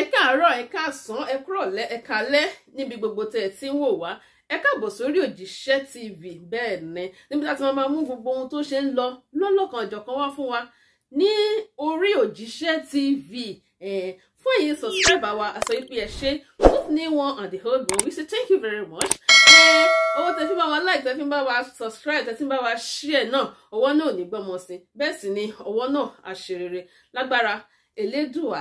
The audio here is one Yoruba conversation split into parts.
ẹ káàárọ̀ ẹ káàsán ẹ kúrọ̀lẹ́ ẹ kálẹ́ níbi gbogbo tẹ ẹ ti ń wò wá ẹ káàbọ̀ sórí òjíṣẹ́ tv bẹ́ẹ̀ ni níbi láti máa mú gbogbo ohun tó ṣe ń lọ lọ́lọ́kan ọ̀jọ̀kan wá fún wa ní orí òjíṣẹ́ tv fún èyí subscribe wa àṣọ ipi ẹ ṣe both new one and the old one we say thank you very much owó tẹ fi bá wa like tẹ fi bá wa subscribe tẹ fi bá wa share náà ọwọ́ náà ò ní gbọ́mọ sí bẹ́ẹ̀ sì ni ọwọ́ náà àṣerere lágbára elédùà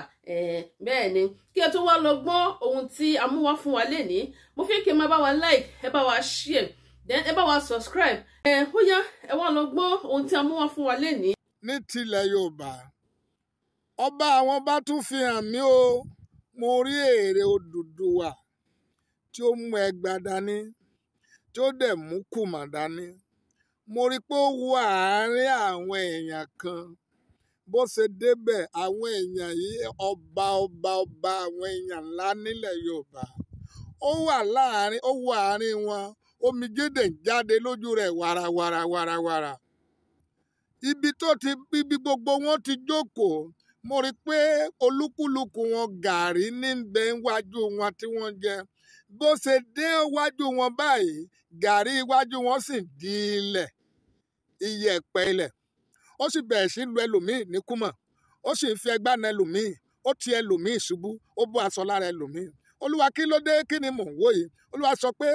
bẹ́ẹ̀ ni kí ẹ tó wá lọ gbọ́ ohun tí a mú wá fún wa lénìí mo fi kí ẹ máa bá wa like ẹ bá wa share then ẹ bá wa subscribe ẹ ó yá ẹ wá lọ gbọ́ ohun tí a mú wá fún wa lénìí. ní tilẹ̀ yorùbá ọba àwọn bá tún fi hàn mí o mo rí èrè Odùduwà tí ó mú ẹgbàá dání tí ó dẹ̀ mú kùmà dání mo rí pé ó wọ àárín àwọn èèyàn kan bó ṣe débẹ̀ àwọn èèyàn yìí ọba ọba ọba àwọn èèyàn ńlá nílẹ̀ yorùbá ó wà láàrin ó wà àárín wọn omijédè jáde lójú rẹ̀ wàràwàrà wàràwàrà ibi tó ti ibi gbogbo wọn ti jókòó mo rí i pé olúkúlùkù wọn gàrí ní bẹ wájú wọn tí wọ́n jẹ bó ṣe dé wájú wọn báyìí gàrí iwájú wọn sì di ilẹ̀ iyẹ̀pẹ̀ ilẹ̀ ó sì bẹ̀rẹ̀ sí lu ẹlòmíì ní kúmọ̀ ó sì fi ẹgbà na ẹlòmíì ó ti ẹlòmíì ṣubú ó bú aṣọ lára ẹlòmíì olúwa kí ló dé kí ni mò ń wò yìí olúwa sọ pé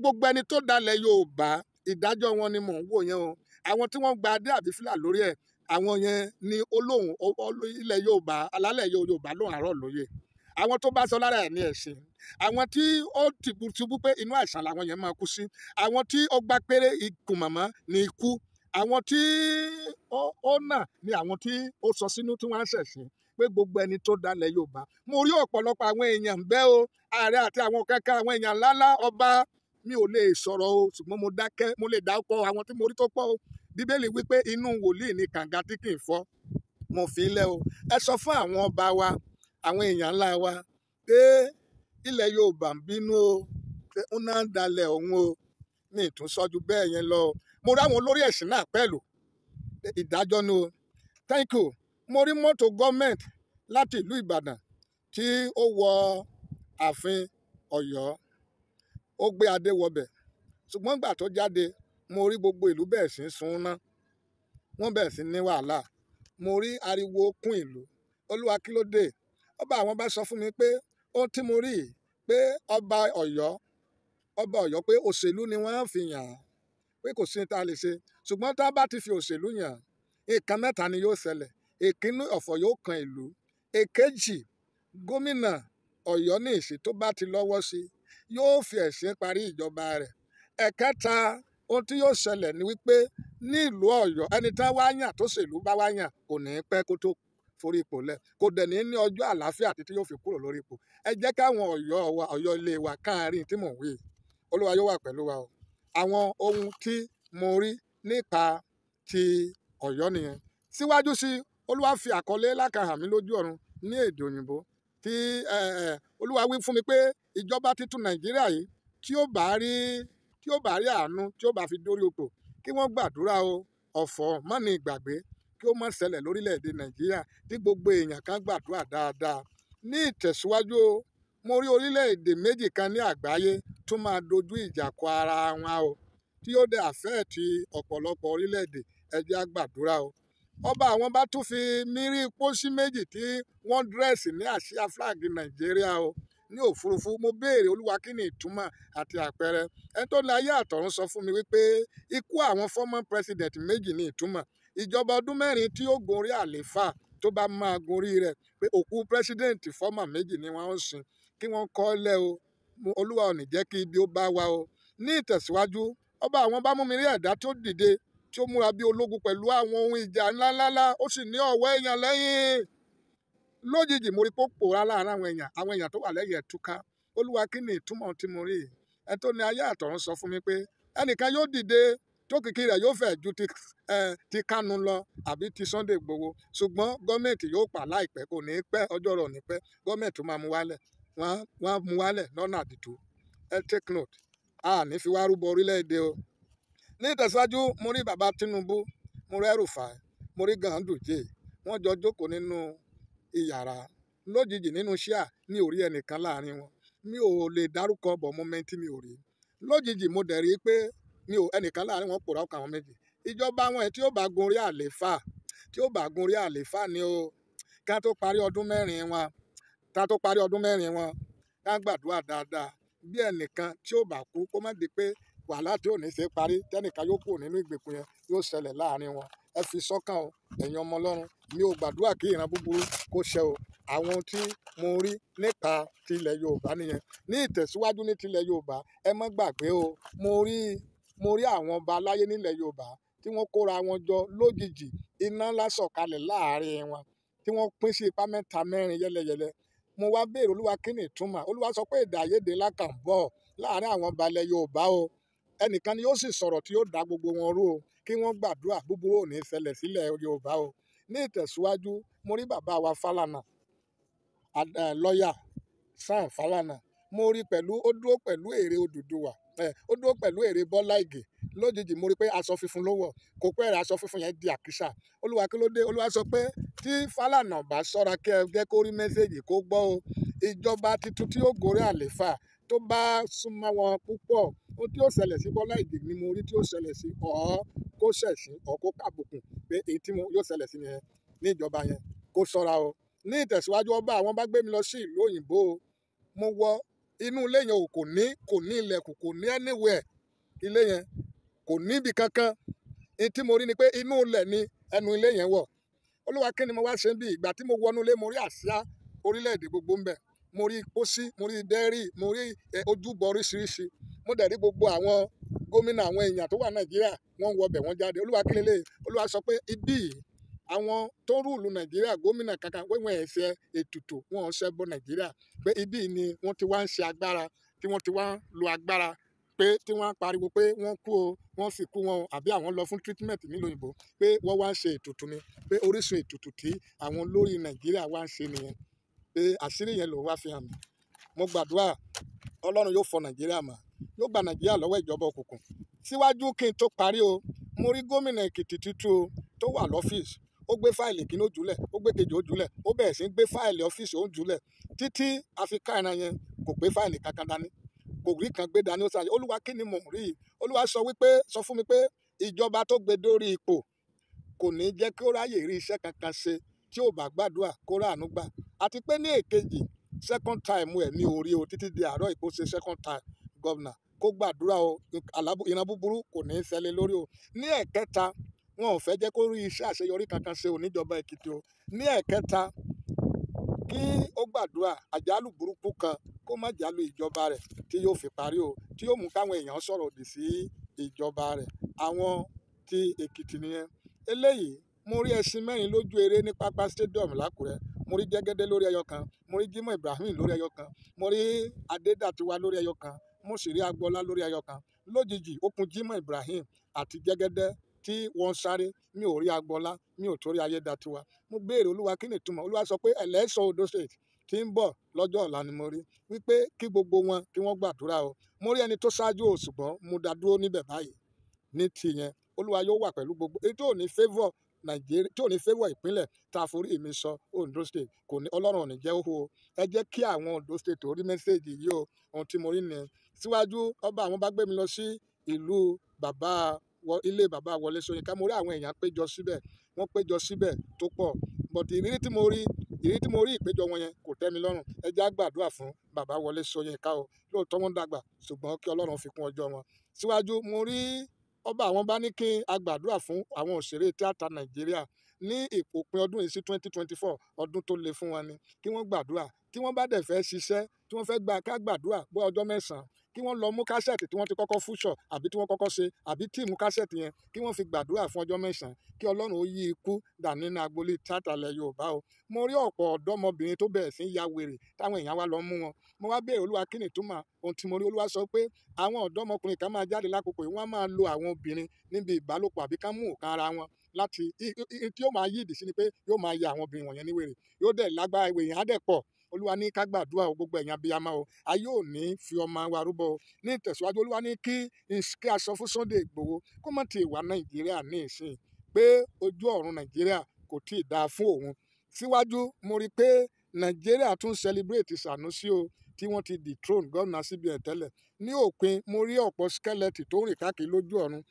gbogbo ẹni tó dalẹ̀ Yorùbá ìdájọ́ wọn ni mò ń wò yẹn o àwọn tí wọ́n gba adé àbí fìlà lórí ẹ̀ àwọn yẹn ni olóhùn ilẹ̀ Yorùbá alálẹ̀ Yorùbá lóhùn àárọ̀ lóye àwọn tó bá sọ lára ẹ̀ ní ẹ̀sìn àwọn tí ó tìbùtìbù pé inú àìsàn làwọn yẹn máa kú sí àwọn tí ó gbà péré ikùn mọ̀mọ́ ni ikú àwọn tí ó nà ni àwọn tí ó sọ sínú tí wọ́n ń ṣẹ̀ṣẹ̀ pé gbogbo ẹni tó dalẹ̀ Yorùbá mo rí ọ̀pọ̀lọpọ̀ àwọn èèyàn bẹ́ẹ̀ o ààrẹ àti àwọn kankan àwọn èèyàn ńláńlá ọba mi ò lè sọ̀rọ̀ o ṣùgbọ́n mo dákẹ́ mo lè dákọ̀ àwọn tí mo rí tó pọ̀ o bíbélì wípé inú wòlíì ni kànga tí kì í fọ́ mo fi í o ẹ sọ fún àwọn ọba wa àwọn èèyàn ńlá wa pé ilẹ̀ Yorùbá ń bínú o pé ó náà ń òun o ní ìtúnṣọ́jú bẹ́ẹ̀ yẹn lọ mo ráwọn olórí ẹ̀sìn náà pẹ̀lú ìdájọ́ ni o thank you mo rí mọ́tò gọ́ọ̀mẹ̀ntì láti ìlú Ìbàdàn tí ó wọ ààfin Ọ̀yọ́ ó gbé adé wọbẹ̀ ṣùgbọ́n gbà tó jáde mo rí gbogbo ìlú bẹ́ẹ̀ sí sun ná wọ́n bẹ̀rẹ̀ sí ní wàhálà mo rí ariwo kún ìlú olúwa kí ló dé ọba àwọn bá sọ fún mi pé ohun tí mo rí pé ọba Ọ̀yọ́ ọba Ọ̀yọ́ pé òṣèlú ni wọ́n fi yàn án pé kò sí tá a lè ṣe ṣùgbọ́n tá a bá ti fi òṣèlú yàn nǹkan mẹ́ta ni yóò ṣẹlẹ̀ ìkíní ọ̀fọ̀ yóò kan ìlú èkejì gómìnà ọ̀yọ́ ní ìsìn tó bá ti lọ́wọ́ sí yóò fi ẹ̀sìn parí ìjọba rẹ̀ ẹ̀kẹta ohun tí yóò ṣẹlẹ̀ ni wípé ní ìlú ọ̀yọ́ ẹni tá wá yàn tó ṣèlú bá wá yàn kò ní pẹ́ kó tó forí ipò lẹ̀ kò dẹ̀ ní ní ọjọ́ àlàáfíà títí yóò fi kúrò lórí ipò ẹ jẹ́ káwọn ọ̀yọ́ wa ọ̀yọ́ ilé wa káàárín tí mò ń wí olúwa yóò wà pẹ̀lú wa o àwọn ohun tí mo rí nípa ti ọ̀yọ́ nìyẹn síwájú sí olúwa fi àkọlé lákan hàn mí lójú ọ̀run ní èdè òyìnbó tí olúwa wí fún mi pé ìjọba titun nàìjíríà yìí tí ó bá rí tí ó bá rí àánú tí ó bá fi dórí ipò kí wọ́n gbàdúrà o ọ̀fọ̀ mọ́ni ìgbàgbé kí ó má ṣẹlẹ̀ lórílẹ̀ nàìjíríà tí gbogbo èèyàn kan gbàdúrà dáadáa ní ìtẹ̀síwájú o mo rí orílẹ̀-èdè méjì kan ní àgbáyé tó máa dojú ìjà kọ ara wọn o tí yóò dé àfẹ́ẹ̀tì ọ̀pọ̀lọpọ̀ orílẹ̀-èdè ẹ jẹ́ o ọba àwọn bá tún fi mírí pósí méjì tí wọ́n dírẹ́sì ní àsíá fúláàgì nàìjíríà o ní òfurufú mo béèrè olúwa kí ni ìtumọ̀ àti àpẹẹrẹ ẹni tó ní ayé àtọ̀run sọ fún mi wípé ikú àwọn former president méjì ní ìtumọ̀ ìjọba ọdún mẹ́rin tí ó gorí àlééfà tó bá máa gorí rẹ̀ pé òkú president former méjì ni wọ́n ń sin kí wọ́n kọ́ lẹ́ o olúwa ò ní jẹ́ kí ibi ó bá wa o ní ìtẹ̀síwájú ọba àwọn bá mú mi rí ẹ̀dá tó dìde tí ó múra bí ológun pẹ̀lú àwọn ohun ìjà ńláńláńlá ó sì ní ọ̀wọ́ èèyàn lẹ́yìn lójijì mo rí pé ó pòórá láàárín àwọn èèyàn àwọn èèyàn tó wà lẹ́yìn ẹ̀túká olúwa kí ni ìtumọ̀ tí mo rí ẹ tó ní ayé àtọ̀run sọ fún mi pé ẹnìkan yóò dìde tó kìkì rẹ̀ yóò fẹ̀ ju ti ẹ ti Kánú lọ àbí ti Sunday Igboho ṣùgbọ́n gọ́ọ̀mẹ̀ntì yóò pa láìpẹ́ kò ní pẹ́ ọjọ́ rọ̀ ní pẹ́ gọ́ọ̀mẹ̀ntì máa mú wálẹ̀ wọ́n á mú wálẹ̀ lọnà àdìtú ethic note a ní fi wá rúbọ orílẹ̀-èdè o ní ìtẹ̀síwájú mo rí bàbá Tinubu mo rí Rufai mo rí Ganduje wọn jọ jókòó nínú ìyàrá lójijì nínú ṣíà ní orí ẹnìkan láàrin wọn mi ò lè dárúkọ bọ̀ mọ́mẹ́ntì mi ò rí lójijì mo dẹ̀ rí i pé mi ò ẹnìkan láàrin wọn pòórá ọkàn àwọn méjì ìjọba àwọn ẹ̀ tí ó bá gun orí àlééfà tí ó bá gun orí àlééfà ni o ká tó parí ọdún mẹ́rin wọn ká tó parí ọdún mẹ́rin wọn ká gbàdúrà dáadáa bí ẹnìkan tí ó bá kú kó má di pé wàhálà tí ò ní ṣe parí tẹnìkan yóò kú nínú ìgbèkùn yẹn yóò ṣẹlẹ̀ láàrin wọn ẹ fi sọ́kàn o ẹ̀yin ọmọ ọlọ́run mi ò gbàdúrà kí ìran búburú kó ṣẹ o àwọn tí mo rí nípa tilẹ̀ yorùbá nìyẹn ní ìtẹ̀síwájú ní tilẹ̀ yorùbá ẹ má gbàgbé o mo rí mo rí àwọn ọba aláyé nílẹ̀ yorùbá tí wọ́n kóra wọn jọ lójijì iná lásọ̀kalẹ̀ láàrin wọn tí wọ́n pín sí ipá mẹ́ta mẹ́rin yẹ́lẹyẹ̀lẹ mo wá béèrè olúwa kí ni ìtumọ̀ olúwa sọ pé èdè àìyedè ńlá kan bọ̀ láàárín àwọn balẹ̀ yorùbá o ẹnìkan ni yóò sì sọ̀rọ̀ tí yóò dá gbogbo wọn rú o kí wọ́n gbàdúrà búburú ò ní sílẹ̀ yorùbá o ní ìtẹ̀síwájú mo rí bàbá wa Fálànà lọ́ọ̀yà Sam falana mo rí pẹ̀lú ó dúró pẹ̀lú èrè Odùduwà ó dúró pẹ̀lú èrè Bọ́lá Ìgè lójijì mo rí pé aṣọ funfun ló wọ̀ kò pẹ́ rẹ̀ aṣọ funfun yẹn di àkísà olúwa kí ló dé olúwa sọ pé tí Fálànà bá ṣọ́ra kí ẹ jẹ́ kó rí mẹ́sẹ̀gì kó gbọ́ o ìjọba tuntun tí ó gorí àléfà tó bá súnmọ́ wọn púpọ̀ ohun tí ó ṣẹlẹ̀ sí Bọ́lá Ìgè ni mo rí tí ó ṣẹlẹ̀ sí ọ̀ kó ṣẹ̀sìn ọ̀ kó kàbùkù pé èyí tí yóò ṣẹlẹ̀ sí yẹn ní ìjọba yẹn kó ṣọ́ra o ní ìtẹ̀síwájú ọba àwọn bá gbé mi lọ sí ìlú òyìnbó mo wọ inú ilé yẹn kò ní kò ní ilẹ̀kùn kò ní anywhere ilé yẹn kò níbi kankan ní tí mo rí ni pé inú ilẹ̀ ni ẹnu ilé yẹn wọ̀ olúwa kí ni mo wá ṣe ń bí ìgbà tí mo wọnú ilé mo rí àsíá orílẹ̀-èdè gbogbo ń bẹ mo rí pósí mo rí dẹ́rì mo rí eh, ojúbọ oríṣiríṣi mo dẹ̀ rí gbogbo àwọn gómìnà àwọn èèyàn tó wà nàìjíríà wọ́n ń wọbẹ̀ wọ́n jáde olúwa kí lélẹ̀ olúwa sọ pé ibí yìí àwọn tó rúùlù nàìjíríà gómìnà kankan wọ́n ẹ̀ ètùtù wọ́n ṣe bọ nàìjíríà pé ibí ni wọ́n ti wá ń ṣe agbára tí wọ́n ti wá ń lo agbára pé tí wọ́n ń pariwo pé wọ́n kú o wọ́n sì kú wọn o àbí àwọn lọ fún treatment nílùú òyìnbó pé wọ́n wá ń ṣe ètùtù ni pé orísun ètùtù tí àwọn olórí nàìjíríà wá ń ṣe nìyẹn pé àṣírí yẹn ló wá fi hàn mí mo gbàdúrà ọlọ́run yóò fọ nàìjíríà mà yóò gba nàìjíríà lọ́wọ́ ìjọba òkùnkùn síwájú kí n tó parí o mo rí gómìnà èkìtì tuntun o tó wà lọ́fíìsì ó gbé fáìlì kí ní òjúlẹ̀ ó gbé kejì òjúlẹ̀ ó bẹ̀rẹ̀ sí gbé fáìlì ọ́fíìsì òjúlẹ̀ títí àfikà ẹran yẹn kò gbé fáìlì kankan dání kò rí kan gbé dání ó sàṣẹ olúwa kí ni mò ń rí i olúwa sọ wípé sọ fún mi pé ìjọba tó gbé dórí ipò kò ní jẹ́ kí ó ráyè rí iṣẹ́ kankan ṣe tí ò bá gbàdúrà kó ráàánú gbà àti pé ní èkejì second time ẹ̀ mi ò rí o títí di àárọ̀ ìkó second time governor kó gbàdúrà o ìran búburú kò ní í ṣẹlẹ̀ lórí o ní ẹ̀kẹta wọn ò fẹ́ jẹ́ kó rí iṣẹ́ àṣeyọrí kankan ṣe oníjọba èkìtì o ní ẹ̀kẹta kí ó gbàdúrà àjálù burúkú kan kó má jálò ìjọba rẹ̀ tí yóò fi parí o tí yóò mú káwọn èèyàn sọ̀rọ̀ òdì sí ìjọba rẹ̀ àwọn ti Èkìtì nìyẹn eléyìí mo rí ẹṣin mẹ́rin lójú eré ní pápá stadium l'Ákúrẹ́ mo rí Jẹ́gẹ́dẹ́ lórí ẹyọ kan mo rí Jimoh Ibrahim lórí ẹyọ kan mo rí Adédàtiwa lórí ẹyọ kan mo sì rí Agboola lórí ẹyọ kan lójijì ó Jimoh Ibrahim àti Jẹ́gẹ́dẹ́ tí wọ́n sáré mi ò rí Agboola mi ò tó rí Ayédàtiwa mo béèrè Olúwa kí ni ìtumọ̀ Olúwa sọ pé ẹ̀lẹ́sọ̀ Ondo State tí ń bọ̀ lọ́jọ́ ọ̀la ni mo rí wípé kí gbogbo wọn kí wọ́n gbàdúrà o mo rí ẹni tó ṣáájú o ṣùgbọ́n mo dá dúró níbẹ̀ báyìí ní tiyẹn olúwa yóò wà pẹ̀lú gbogbo èyí tó ní favour nàìjíríà tí ò ní favour ìpínlẹ̀ tá a forí mi sọ ondo state kò ní ọlọ́run ò ní jẹ́ òhò ẹ jẹ́ kí àwọn ondo state orí mẹ́sẹ̀gì yìí o ohun tí mo rí ni síwájú ọba àwọn bá gbé mi lọ sí ìlú bàbá ilé bàbá Wọlé Ṣóyínká mo rí àwọn èèyàn péjọ síbẹ̀ wọ́n péjọ síbẹ̀ tó pọ̀ but ìrírí tí mo rí ìrí tí mo rí ìpéjọ wọn yẹn kò tẹ́ mi lọ́rùn ẹ jẹ́ á gbàdúrà fún bàbá Wọlé Ṣóyínká o lóòótọ́ wọn dàgbà ṣùgbọ́n kí Ọlọ́run fi kún ọjọ́ wọn síwájú mo rí ọba àwọn bá ní kí a gbàdúrà fún àwọn òṣèré tíátà Nàìjíríà ní òpin ọdún yìí sí twenty twenty four ọdún tó le fún wọn ni kí wọ́n gbàdúrà tí wọ́n bá dẹ̀ fẹ́ ṣiṣẹ́ tí wọ́n fẹ́ gba ká gbàdúrà bó ọjọ́ mẹ́sàn-án kí wọ́n lọ mú kásẹ̀tì tí wọ́n ti kọ́kọ́ fúṣọ̀ àbí tí wọ́n kọ́kọ́ ṣe àbí tíìmù kásẹ̀tì yẹn kí wọ́n fi gbàdúrà fún ọjọ́ mẹ́sàn-án kí ọlọ́run ó yí ikú dànù nínú agboolé tátàlẹ̀ yorùbá o mo rí ọ̀pọ̀ ọ̀dọ́mọbìnrin tó bẹ̀rẹ̀ sí í ya wèrè táwọn èèyàn wa lọ mú wọn mo wá béèrè olúwa kí ni túmọ̀ ohun tí mo rí olúwa sọ pé àwọn ọ̀dọ́mọkùnrin kan máa jáde lákòókò yìí wọ́n máa lo àwọn obìnrin níbi ìbálòpọ̀ àbí ká mú òkan ara wọn láti tí yóò máa yí ìdí sí ni pé yóò máa ya àwọn obìnrin wọ̀nyẹn níwèrè yóò dẹ̀ lágbára ìwé yẹn á dẹ̀ pọ̀ olúwa ní ká gbàdúrà o gbogbo ẹ̀yin abiyamọ o a yóò ní fi ọmọ wa rúbọ o ní ìtẹ̀síwájú olúwa ní kí kí a sọ fún Sunday Igboho kó má ti wà nàìjíríà ní ìsìn pé ojú ọ̀run nàìjíríà kò tí ì dáa fún òun síwájú mo rí i pé nàìjíríà tún celebrate Sanusi o tí wọ́n ti dethrone gómìnà CBN tẹ́lẹ̀ ní òpin mo rí ọ̀pọ̀ skeleton tó rìn káàkiri lójú ọ̀run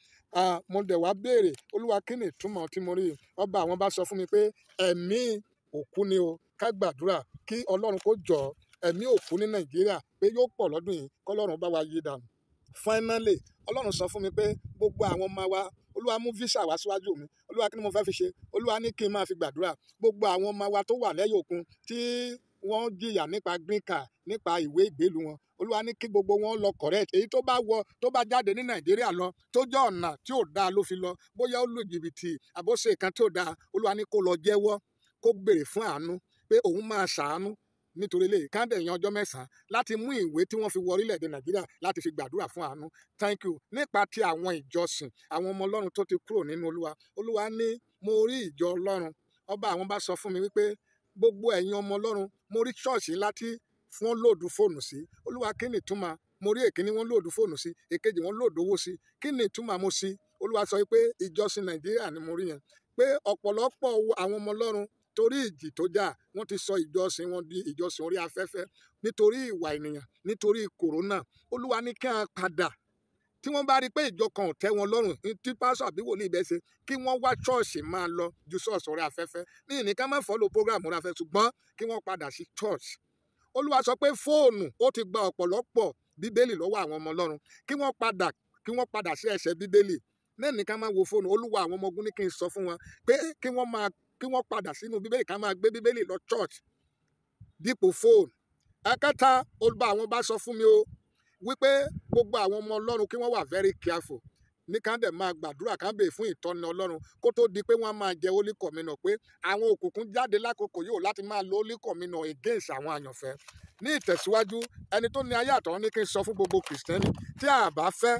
mo dẹ̀ wá béèrè olúwa kí ni ìtumọ̀ tí mo rí ọba àwọn bá sọ fún mi pé ẹ̀mí òkú ni o ká gbàdúrà kí ọlọ́run kó jọ ẹ̀mí òkú ní nàìjíríà pé yóò pọ̀ lọ́dún yìí kọ́lọ́run bá wa yí dànù finally ọlọ́run sọ fún mi pé gbogbo àwọn ọmọ wa olúwa mú visa wá síwájú mi olúwa kí ni mo fẹ́ fi ṣe olúwa ní kí n máa fi gbàdúrà gbogbo àwọn ọmọ wa tó wà lẹ́yìn òkun tí wọ́n jìyà nípa green card nípa ìwé ìgbélú wọn olúwa ní kí gbogbo wọn lọ correct èyí tó bá wọ tó bá jáde ní nàìjíríà lọ tó jẹ́ ọ̀nà tí ò dáa ló fi lọ bóyá ó lu jìbìtì àbóṣe kan tí ò dáa olúwa ní kó lọ jẹ́wọ́ kó béèrè fún àánú pé òun máa ṣàánú nítorí eléyìí káńdẹ̀ yan ọjọ́ mẹ́sàn-án láti mú ìwé tí wọ́n fi wọ orílẹ̀-èdè nàìjíríà láti fi gbàdúrà fún àánú thank you nípa ti àwọn ìjọsìn àwọn ọmọ ọlọ́run tó ti kúrò nínú olúwa olúwa ní mo rí ìjọ ọlọ́run ọba àwọn bá sọ fún mi wípé gbogbo ẹ̀yin ọmọ ọlọ́run mo rí ṣọ́ọ̀ṣì láti fún lòdù fóònù sí olúwa kí ni ìtumọ̀ mo rí èkíní wọn lòdù fóònù sí èkejì wọn lòdù owó sí kí ni ìtumọ̀ mo sí olúwa sọ pé ìjọsìn nàìjíríà ni mo rí yẹn pé ọ̀pọ̀lọpọ̀ àwọn ọmọ ọlọ́run torí ìjì tó jà wọ́n ti sọ ìjọsìn wọn di ìjọsìn orí afẹ́fẹ́ nítorí ìwà ènìyàn nítorí kòrónà olúwa ní kí wọ́n padà tí wọ́n bá rí i pé ìjọ kan ò tẹ́ wọn lọ́rùn tí pásọ àbí wòlíì bẹ́ẹ̀ ṣe kí wọ́n wá ṣọ́ọ̀ṣì máa lọ ju ṣọ́ọ̀ṣì orí afẹ́fẹ́ ní ìníká má fọ́lò program orí afẹ́fẹ́ ṣùgbọ́n kí wọ́n padà sí church olúwa sọ pé fóònù ó ti gba ọ̀pọ̀lọpọ̀ bíbélì lọ́wọ́ àwọn ọmọ ọlọ́run kí wọ́n padà kí wọ́n padà sí ẹsẹ̀ bíbélì náà ní ká máa wo fóònù olúwa àwọn ọmọ ogun ní kí n sọ fún wọn pé kí wọ́n máa kí wọ́n padà sínú bíbélì ká máa gbé bíbélì lọ church dípò fóònù ẹ̀kẹta olùbá àwọn bá sọ fún mi o wípé gbogbo àwọn ọmọ ọlọ́run kí wọ́n wà very careful ní ká dẹ̀ máa gbàdúrà ká bèè fún ìtọ́ni ọlọ́run kó tó di pé wọ́n máa jẹ holy communion pé àwọn òkùnkùn jáde lákòókò yóò láti máa lo holy communion against àwọn àyànfẹ́ ní ìtẹ̀síwájú ẹni tó ní ayé àtọ̀run ní kí n sọ fún gbogbo kìrìsìtẹ́nì tí a bá fẹ́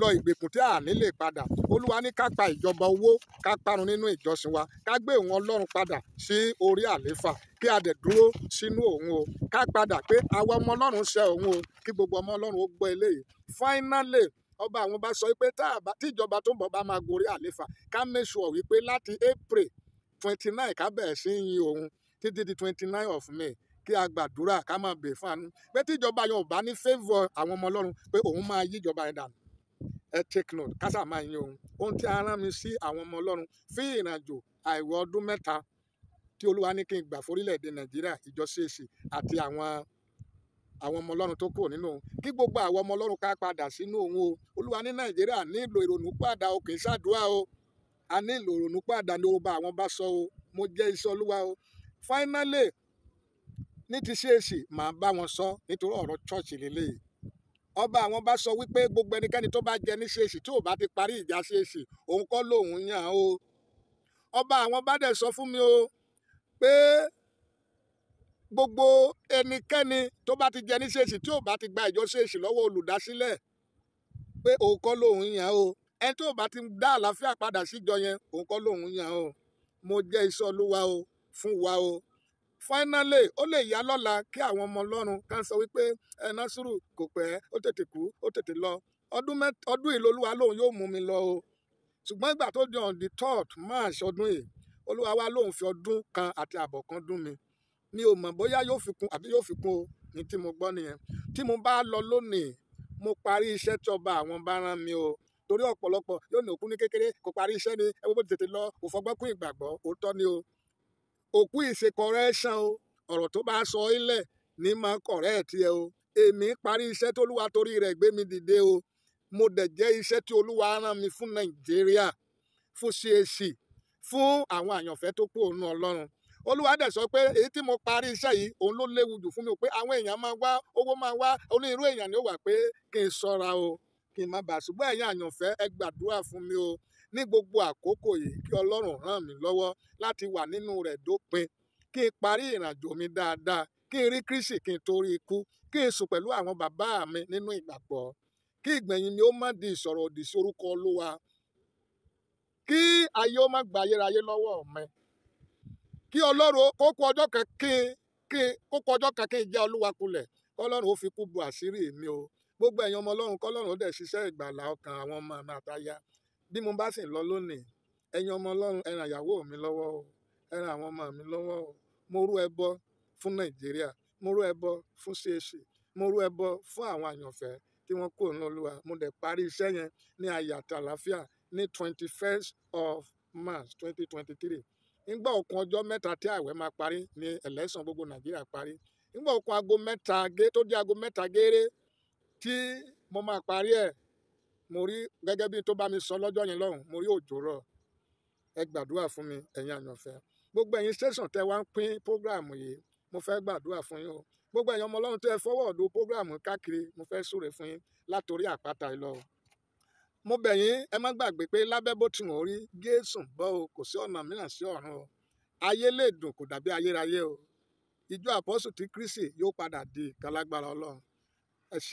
lọ ìgbèkùn tí a nílè padà olúwa ní ká pa ìjọba owó ká parun nínú ìjọsìn wa ká gbé òun ọlọ́run padà sí orí àléfà kí a dẹ̀ dúró sínú òun o ká padà pé àwa ọmọ ọlọ́run ṣe òun o kí gbogbo ọmọ ọlọ́run ó gbọ́ eléyìí finally ọba àwọn bá sọ pé tíjọba tó ń bọ̀ bá máa gorí àléfà ká make sure wípé láti april twenty nine ká bẹ̀rẹ̀ sí yin òun títí di twenty nine of may kí a gbàdúrà ká máa bè fún àánú pé tíjọba yẹn ò bá ní favour àwọn ọmọ ọlọ́run pé òun máa yí ìjọba yẹn dànù ẹ take note kásà máa yin òun ohun tí a rán mi sí àwọn ọmọ ọlọ́run fi ìrìnàjò àìwọ̀ ọdún mẹ́ta tí olúwa ní kí n gbà forílẹ̀-èdè nàìjíríà ìjọ CAC àti àwọn àwọn ọmọ ọlọ́run tó kù nínú kí gbogbo àwọn ọmọ ọlọ́run ká padà sínú òun o olúwa ní nàìjíríà nílò ìrònú padà o kì í ṣàdúrà o a nílò ìrònú padà ní orúkọ àwọn bá sọ o mo jẹ́ iṣẹ́ olúwa o finally ní ti ṣèèṣì màá bá wọn sọ nítorí ọ̀rọ̀ ṣọ́ọ̀ṣì lélẹ́yìí ọba àwọn bá sọ wípé gbogbo ẹnikẹ́ni tó bá jẹ ní ṣèèṣì tí ò bá ti parí ìjà ṣèèṣì òun kọ́ lòun yàn o ọba àwọn bá dẹ̀ sọ fún mi o pé gbogbo ẹnikẹ́ni tó bá ti jẹ ní ṣèṣì tí ò bá ti gba ìjọ ṣèṣì lọ́wọ́ olùdásílẹ̀ pé òun kọ́ lòun yàn o ẹni tó bá ti dá àlàáfíà padà síjọ yẹn òun kọ́ lòun yàn o mo jẹ́ iṣẹ́ olúwa o fún wa o finally ó lè yá lọ́la kí àwọn ọmọ ọlọ́run kan sọ wípé ẹ násùrù kò pẹ́ ó tètè kú ó tètè lọ ọdún yìí lolúwa lòun yóò mú mi lọ o ṣùgbọ́n ìgbà tó di on the third march ọdún yìí olúwa wa lòun fi ọdún kan àti àbọ̀ kan dún mi mi ò mọ̀ bóyá yóò fi kún àbí yóò fi kún o ní tí mo gbọ́ nìyẹn tí mo bá lọ lónìí mo parí iṣẹ́ tí ọba àwọn bá rán mi o torí ọ̀pọ̀lọpọ̀ yóò ní òkú ní kékeré kò parí iṣẹ́ ni ẹ wo bó ti tètè lọ kò fọgbọ́n kún ìgbàgbọ́ òótọ́ ni o òkú ìṣe correction o ọ̀rọ̀ tó bá sọ ilẹ̀ ní máa correct tiẹ̀ o èmi parí iṣẹ́ tó olúwa torí rẹ̀ gbé mi dìde o mo dẹ̀ jẹ́ iṣẹ́ tí olúwa rán mi fún nàìjíríà fún CAC fún àwọn àyànfẹ́ tó kú òun ọlọ́run olúwa dẹ̀ sọ pé èyí tí mo parí iṣẹ́ yìí òun ló léwu jù fún mi pé àwọn èèyàn máa wá owó máa wá onírú èèyàn ni ó wà pé kí n ṣọ́ra o kí n má bàa ṣùgbọ́n ẹ̀yin àyànfẹ́ ẹ gbàdúrà fún mi o ní gbogbo àkókò yìí kí ọlọ́run ràn mí lọ́wọ́ láti wà nínú rẹ̀ dópin kí n parí ìrìnàjò mi dáadáa kí n rí kírísì kí n torí ikú kí n sùn pẹ̀lú àwọn bàbá mi nínú ìgbàgbọ́ kí ìgbẹ̀yìn mi ó má di ìsọ̀rọ̀ òdì sí orúkọ olúwa kí ayé ó má gba ayérayé lọ́wọ́ mi kí ọlọ́run kó kú ọjọ́ kan kí kí kó kú ọjọ́ kan kí n jẹ́ olúwa kulẹ̀ kọ́lọ́run ó fi kú bu àṣírí mi o gbogbo ẹ̀yin ọmọ ọlọ́run kọ́lọ́run ó dẹ̀ ṣiṣẹ́ ìgbàlà ọkàn àwọn ọmọ mi àtaya bí mo bá sì ń lọ lónìí ẹ̀yin ọmọ ọlọ́run ẹ ràn ìyàwó mi lọ́wọ́ o ẹ àwọn ọmọ mi lọ́wọ́ o mo rú ẹbọ fún nàìjíríà mo rú ẹbọ fún CAC mo rú ẹbọ fún àwọn àyànfẹ́ tí wọ́n kò ní olúwa mo dẹ̀ parí iṣẹ́ yẹn ní ayé àtàlàáfíà ní twenty first of March twenty twenty three nígbà òkun ọjọ́ mẹ́ta tí ààwẹ̀ máa parí ni ẹ̀lẹ́sàn gbogbo nàìjíríà parí nígbà òkun aago mẹ́ta gé tó di aago mẹ́ta gééré tí mo máa parí ẹ̀ mo rí gẹ́gẹ́ bí tó bá mi sọ lọ́jọ́ yẹn lọ́hùn mo rí òjò rọ̀ ẹ gbàdúrà fún mi ẹ̀yin àyànfẹ́ gbogbo ẹ̀yin station tẹ wá ń pín program yìí mo fẹ́ gbàdúrà fún yín o gbogbo ẹ̀yin ọmọ ọlọ́run tẹ fọwọ́ ọ̀dọ̀ program káàkiri mo fẹ́ súre fún yín látòrí àpáta ìlọ mo bẹ̀ yín ẹ má gbàgbé pé lábẹ́ bó ti wọ̀n rí géésùn bọ́ o kò sí ọ̀nà mìíràn sí ọ̀run o ayé lè dùn kò dàbí ayérayé o ìjọ àpọ́sù ti Kristi yóò padà di kalagbara Ọlọ́run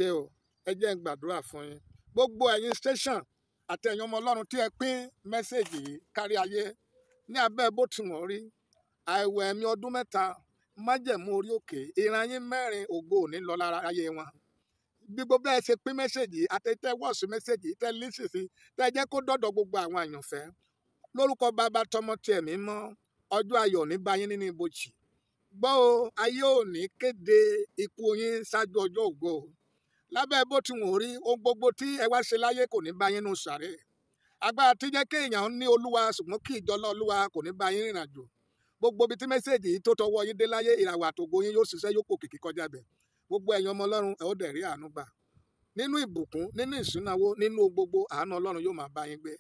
ẹ o ẹ jẹ́ ń gbàdúrà fún yín gbogbo ẹ̀yin station àti ẹ̀yin ọmọ Ọlọ́run tí ẹ pín mẹ́sẹ̀gì yìí kárí ayé ní abẹ́ bó ti rí ẹ̀mí ọdún mẹ́ta gbogbo bẹ́ẹ̀ ṣe pín mẹ́sẹ̀gì àtẹ̀tẹ̀ wọ́ọ̀sì mẹ́sẹ̀gì tẹ́ lísì sí tẹ́ jẹ́ kó dọ́dọ̀ gbogbo àwọn àyànfẹ́ lórúkọ bàbá tọmọ tiẹ̀ mí mọ́ ọjọ́ ayọ̀ ní báyìí nínú ibojì gbọ́ o ayé òní kéde ikú yín ṣáájú ọjọ́ ògo lábẹ́ bó ti wọ̀n rí ohun gbogbo tí ẹ wá ṣe láyé kò ní báyìí nù sàré agbára tí jẹ́ kéèyàn ní olúwa ṣùgbọ́n kí ìjọlá olúwa kò ní báyìí gbogbo ẹ̀yin ọmọ ọlọ́run ẹ ó dẹ̀ rí àánú gbà nínú ìbùkún nínú ìsúnáwó nínú gbogbo àánú ọlọ́run yóò máa bá yín gbé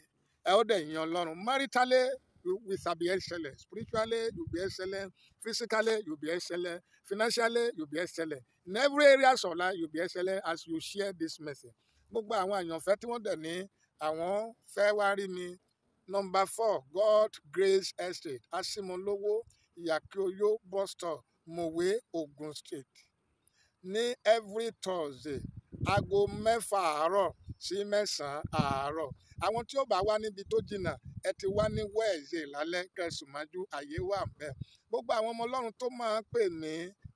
ẹ ó dẹ̀ yin ọlọ́run maritally you will be excellent spiritually you be excellent physically you be excellent financially you be excellent in every area of life you be excellent as you share this message gbogbo àwọn àyànfẹ́ tí wọ́n dẹ̀ ní àwọn fẹ́ wá rí mi number four God Grace Estate asimolowo iyakoyo bus stop Mowe Ogun State ní every Thursday aago mẹ́fà àárọ̀ sí mẹ́sàn-án àárọ̀ àwọn tí ó bá wá níbi tó jìnnà ẹ ti wá ní Wednesday lálẹ́ kẹsùmájú àyè wà ńbẹ̀ gbogbo àwọn ọmọ Ọlọ́run tó máa ń pè mí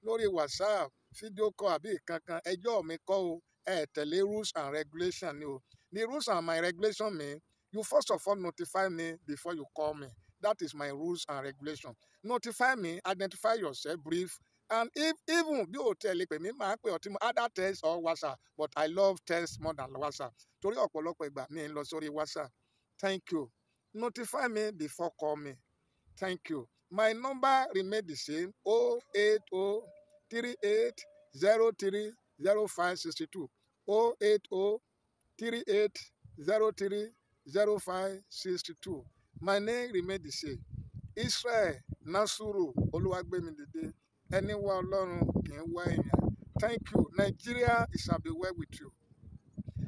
lórí WhatsApp fídíò kọ àbí ìkankan ẹjọ́ mi kọ́ o ẹ tẹ̀lé rules and regulation ni o the rules and my regulation mi you first of all notify me before you call me that is my rules and regulation notify me identify yourself brief and if even bí o tẹ̀lé pèmí máa ń pè ọtí mo either text or wasa, but i love text more than wasa. torí ọ̀pọ̀lọpọ̀ ìgbà mi ń lọ sórí whatsapp thank you notify me before call me thank you my number remain the same o oh eight o oh three eight zero three zero five sixty two o oh eight o three eight zero three zero five sixty two my name remain the same israel nasuru olúwagbémidìde ẹni wá ọlọ́run kì í wá èèyàn thank you Nigeria it shall be well with you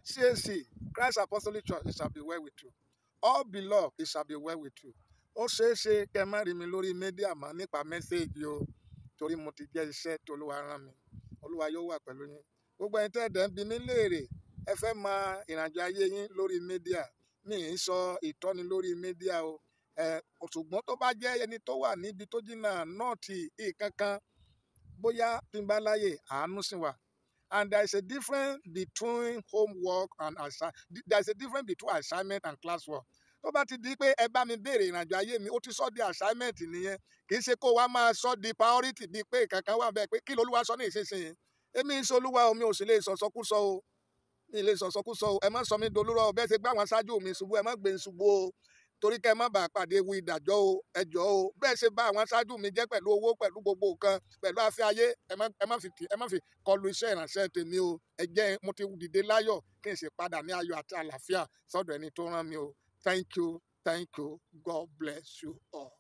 CAC Christ Apostolic Church it shall be well with you all beloved it shall be well with you ó ṣeé ṣe kẹ má rí mi lórí media mọ́ nípa mẹ́sáàgì o torí mo ti jẹ́ iṣẹ́ tí olúwa rán mi olúwa yóò wà pẹ̀lú yín gbogbo ẹni tẹ́ ẹ̀dẹ̀ ń bi mí léèrè ẹ fẹ́ mọ ìrìnàjò ayé yín lórí media mi ì sọ ìtọ́ni lórí media o ṣùgbọ́n tó bá jẹ́ ẹni tó wà níbi tó jìnnà náà ti ìkankan bóyá tí n bá láyè àánú sì wà and there is a difference between homework and assignment there is a difference between assignment and classwork tó bá ti di pé ẹ bá mi béèrè ìrìnàjò ayé mi ó ti sọ di assignment nìyẹn kì í ṣe kó wa máa sọ di priority bíi pé kankan wà bẹ́ẹ̀ pé kí lolúwa sọ ní ìsinsìnyí èmi ń ṣolúwa omi ò sì lè sọ̀sọ́kúsọ o mi lè sọ̀sọ́kúsọ o ẹ má sọ mi dolúrọ̀ o bẹ́ẹ̀ ṣe gbá àwọn aṣáájú mi ṣubú ẹ má gbé ṣubú o torí kẹ́ ẹ má bàa pàdé ewu ìdàjọ́ o ẹjọ́ o bẹ́ẹ̀ ṣe bá àwọn aṣáájú mi jẹ́ pẹ̀lú owó pẹ̀lú gbogbo nǹkan pẹ̀lú afẹ́ ẹ má fi ẹ má fi kọlu iṣẹ́ ìrànṣẹ́ tèmi o ẹ jẹ́ mo ti dìde láyọ̀ kí n sì padà ní ayọ̀ àti àlàáfíà sọ́dọ̀ ẹni tó rán mi o thank you thank you God bless you all.